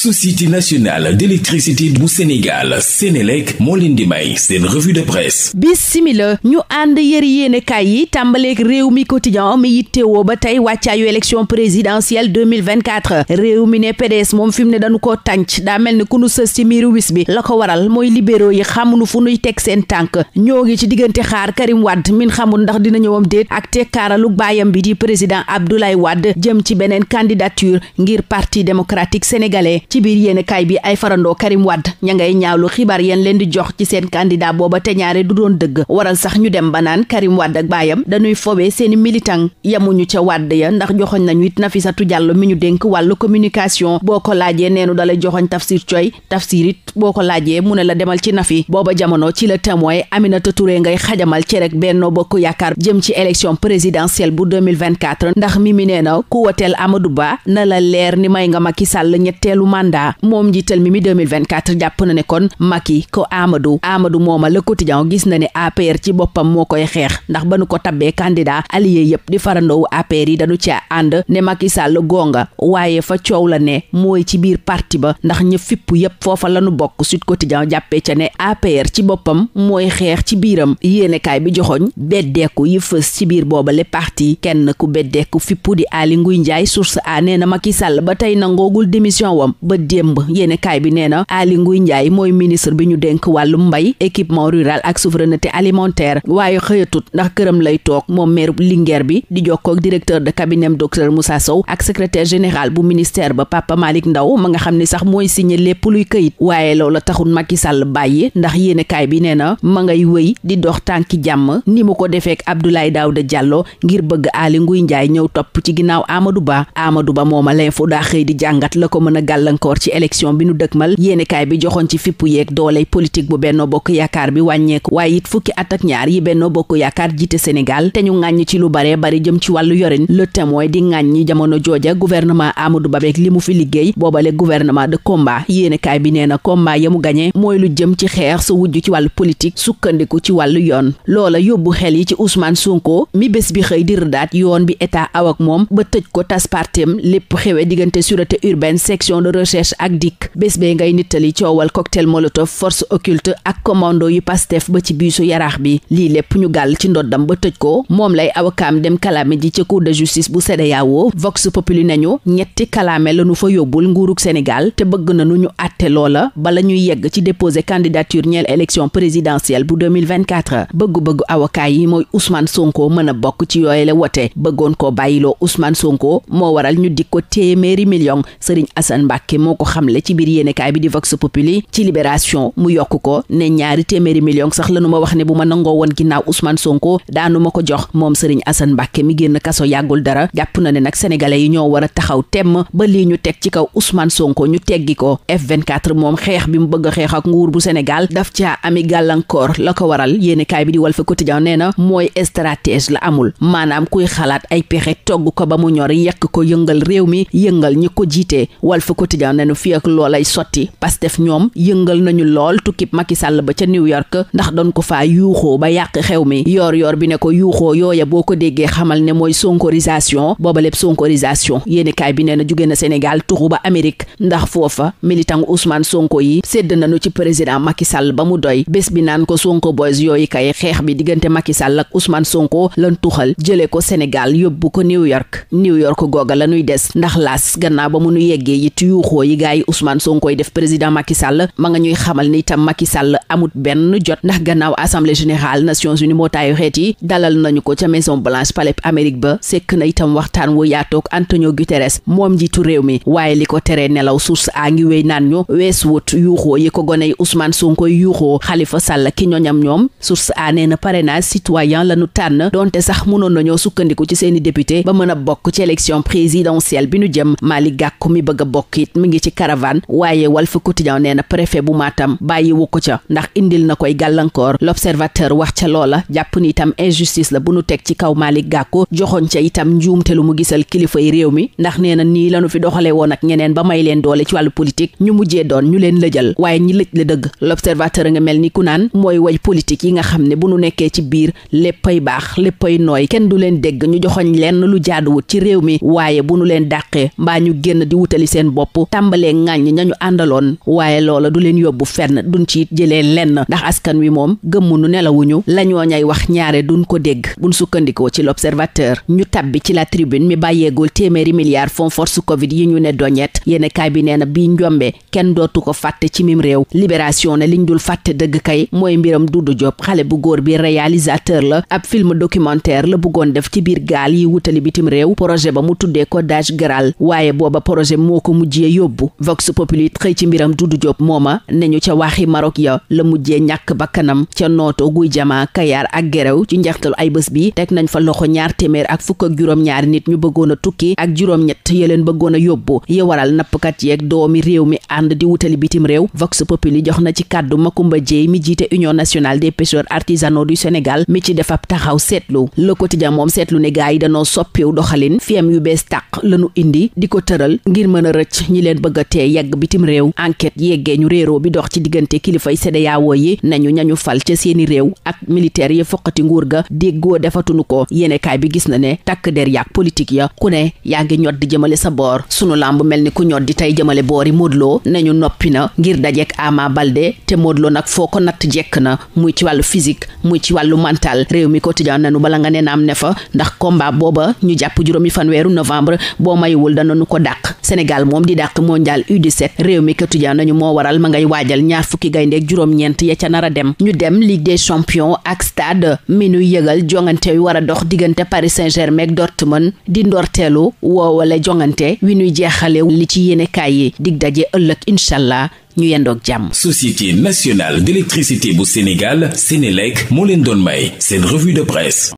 société nationale d'électricité bu Sénégal Sénélec moo leen di may seen bis simila ñu ànd yër yéenekaay yi tàmbaleeg réew mi quotidien mi yittewoo ba tey wàccaayu élection présidentielle 2024 réew mi ne PDS moom fi ne dañu ko tànc daa mel ni ku nu sës ci miiru wis bi la ko waral mooy libéraux yi xamunu fu nuy teg seen tànk ñoo ngi ci diggante xaar Karim Wade min xamul ndax dina ñëwam déet ak tekkaaralu baayam bi di président Abdoulaye wadd jëm ci beneen candidature ngir parti démocratique sénégalais ci biir yéen kaay bi ay farandoo Karim Wade ña ngay ñaawlu xibaar yéen leen di jox ci seen candidat booba te ñaare du doon dëgg waral sax ñu dem ba naan Karim Wade ak baayam dañuy fobe seeni militan yamuñu ca Wade ya ndax joxoñ nañu it Nafissatou Diallo mi ñu dénk wàllu communication boo ko laajee neenu dala joxoñ Tafsir Coy Tafsir it boo ko laajee mu ne la demal ci Nafi booba jamono ci la témoin Aminata Touré ngay xajamal ci rek Benno Bokk Yaakaar jëm ci élection présidentielle bu 2024 ndax mi mi nee na ku woteel Amadou Ba leer ni may nga Macky Sall ñetteelu mandat moom njiital mi mi 2024 jàpp na ne kon Macky ko Amadou Amadou mooma le quotidien gis na ne APR ci boppam moo koy xeex ndax ba nu ko tabbee candidat allié yépp di farandoowu APR yi dañu ci ànd ne Macky Sall gonga waaye fa coow la ne mooy ci biir parti ba ndax ña fipp yépp foofa lanu bokk Sud Quotidien jàppee ca ne APR ci boppam mooy xeex ci biiram yéenekaay bi joxoñ beddeeku yi fës ci biir boobale parti kenn ku beddeeku fippu di Aly Ngouille Ndiaye source a Sall ba ba démb yéene kaay bi nee na Aly Ngouille Ndiaye mooy ministre bi ñu dénk wàllum mbay équipement rural ak souveraineté alimentaire waaye xëyatut ndax këram lay toog moom maire Linguère bi di jokkoog directeur de cabinet docteur Moussa Sow ak secrétaire général bu ministère ba Papa Malick Ndaw ma nga xam ni sax mooy signé lépp luy kayit waaye la taxul Macky Sall bàyyi ndax yéenekaay bi nee na ma ngay wëy di dox tànki jàmm ni mu ko defeek Abdoulaye Daouda Diallo ngir bëgg Aly Ngouille ñëw topp ci ginnaaw Amadou gàllankoor ci bi nu dëkmal yéenekaay bi ci bu Benno Bokk Yaakaar bi wàññeeku waaye it fukki at ak ñaar yi Benno Bokk Yaakaar jiite Sénégal lu baree bari jëm ci wàllu yorin le témoin di ŋàññi jamono jooja gouvernement Amadou Ba beeg li mu fi liggéey boobale gouvernement de combat yéenekaay bi nee na combat ya mu gañe mooy lu jëm ci xeex su wujj ci wàllu politique sukkandiku ci wàllu yoon loola yóbbu xel yi ci Ousmane Sonko mi bés bi xëy di rëdaat yoon bi état aw moom ba tëj ko tas partem lépp xewe diggante sûreté urbaine section de recherche ak dikk bés bee ngay nittali coowal cocktail molotov force occulte ak commando yu pastef ba ci biisu yaraax bi lii lépp ñu gal ci ndoddam ba tëj ko moom lay awakaam dem kalaame ji ca cour de justice bu CEDEAO vox populi nañu ñetti kalaame lañu fa yóbbul nguuruk Sénégal te bëgg na nu ñu àtte loola bala ñuy yegg ci déposer candidature ñeel élection présidentielle bu 2024 bëggu-bëggu avocat yi mooy Ousmane Sonko mën a bokk ci yooye la wote bëggoon ko bàyyiloo Ousmane Sonko moo moo ko xamle ci biir yéenekaay bi di Vox Populi ci Libération mu yokk ko ne ñaari téeméeri million sax lanu ma wax ne bu ma nangoo woon ginnaaw Ousmane Sonko daanu ma ko jox moom Serigne Assane Mbacke mi génn kaso yàggul dara jàpp na ne nag sénégalais yi ñoo war a taxaw temm ba lii ñu teg ci kaw Ousmane Sonko ñu teggi ko F24 moom xeex bi mu bëgg a xeex ak nguur bu Sénégal daf ca ami gàllankoor la ko waral kaay bi di wal Walf Quotidien nee na mooy stratège la amul maanaam kuy xalaat ay pexe togg ko ba mu ñor yekk ko yëngal réew mi yëngal ñi ko jiite Walf Quotidien quotidien nañu fi ak loolay sotti Pastef ñoom yëngal nañu lool tukkib Macky Sall ba ca New York ndax doon ko faa yuuxoo ba yàq xew mi yoor yoor bi ne ko yuuxoo yooya boo ko déggee xamal ne mooy sonkorisation booba lépp sonkorisation yéeni bi nee na jugee na Sénégal tuxu ba Amérique ndax foofa militant Ousmane Sonko yi sédd nañu ci président Macky Sall ba mu doy bés bi naan ko Sonko boys yooyu kay xeex bi diggante Macky Sall ak Ousmane Sonko lan tuxal jëlee ko Sénégal yóbbu ko New York New York xoo yi gars yi def président Macky Sall ma nga ñuy xamal ni itam Macky Sall amut benn jot ndax gannaaw assemblée générale Nations Unies moo taayu xeet yi dalal nañu ko ca Maison Blanche palais Amérique ba sekk na itam waxtaan wu yaatoog Antonio Guterres moom njiitu réew mi waaye li ko teree nelaw source a ngi wéy naan ñu wees wut yuuxoo yi ko goney Ousmane Sonko yuuxoo Khalifa Sall ki ñoñam ñoom source a nee na parrainage citoyen lañu tànn donte sax mënoon nañoo sukkandiku ci seeni député ba mën a bokk ci élection présidentielle bi ñu jëm Malick Gakou mi bëgg bokk it mi ngi ci caravane waaye Walf Quotidien nee na préfet bu Matam bàyyiwu ko ca ndax indil na koy gàllankoor l'observateur wax ca loola jàpp ni itam injustice la bu nu teg ci kaw Malick Gakou joxoon ca itam njuumte lu mu gisal kilifa yi réew mi ndax nee na nii lanu fi doxalee woon ak ñeneen ba may leen doole ci wàllu politique ñu mujjee doon ñu leen lëjal waaye ñi lëj la dëgg l'observateur nga mel ni ku naan mooy way politique yi nga xam ne bu nu nekkee ci biir léppay baax léppay nooy kenn du leen dégg ñu joxoñ leen lu jaaduwut ci réew mi waaye bu nu leen dàqee mbaa ñu génn di wutali seen bopp tàmbalee ŋàññ ñañu àndaloon waaye loola du leen yóbbu fenn duñ ci jëlee lenn ndax askan wi moom gëmmunu nelawuñu la ñoo ñay wax ñaare duñ ko dégg buñ sukkandikoo ci l'observateur ñu tabbi ci la tribune mi bàyyeegul téeméeri milliards fonds force covid yi ñu ne doñet yéene kaay bi nee na bii njombe kenn dootu ko fàtte ci mim réew libération ne liñ dul fàtte dëgg kay mooy mbiram Doudou Diop xale bu góor bi réalisateur la ab film documentaire la bëggoon def ci biir gaal yi wutali bitim réew projet ba mu tuddee ko Daj Graal yóbbu vox populi xëy ci mbiram Doudou Diop mooma ne ñu ca waaxi Maroc ya la mujjee ñàkk bakkanam ca nooto guy jama kayaar ak gerew ci njeextalu ay bés bi teg nañ fa loxo ñaar téeméer ak fukk ak juróom-ñaari nit ñu bëggoon a tukki ak juróom-ñett ya leen bëggoon a yóbbu ya waral nappkat yeeg doomi réew mi ànd di wutali bitim réew vox populi jox na ci kàddu ma Makumba Jeey mi jiite union nationale des pêcheurs artisanaux du Sénégal mi ci def ab taxaw seetlu le quotidien moom seetlu ne gaa yi danoo soppiw doxalin leen bëgg a tee yegg bitim réew enquête yeggee ñu réeroo bi dox ci diggante kilifay CEDEAO yi nañu ñañu fal ca seeni réew ak militaire yi foqati nguur ga déggoo defatuñu ko yéenekaay bi gis na ne takk der yaak politique ya ku ne yaa ngi ñoddi jëmale sa boor sunu làmb mel ni ku ñoddi tey jëmale boori Modou Lo nañu noppi na ngir dajek Ama Baldé te Modou nag foo ko natt jekk na muy ci wàllu physique muy ci wàllu mantal réew mi quotidien nanu bala nga ne naam ne fa ndax combat booba ñu jàpp juróomi fanweeru novembre mondial U17 réew mi quotidien nañu moo waral ma ngay waajal ñaar fukki gayndeek juróom-ñeent ya ca nar a dem ñu dem Ligue des champions ak stade mi nu yëgal jongante yu war a dox diggante Paris Saint-Germain ak Dortmund di ndorteelu woowale jongante wi nuy jeexale li ci yéenekaay yi dig daje ëllëg inchallah ñu yendoog jàmm. Société nationale d'électricité bu Sénégal Sénélec moo leen doon may seen revue de presse.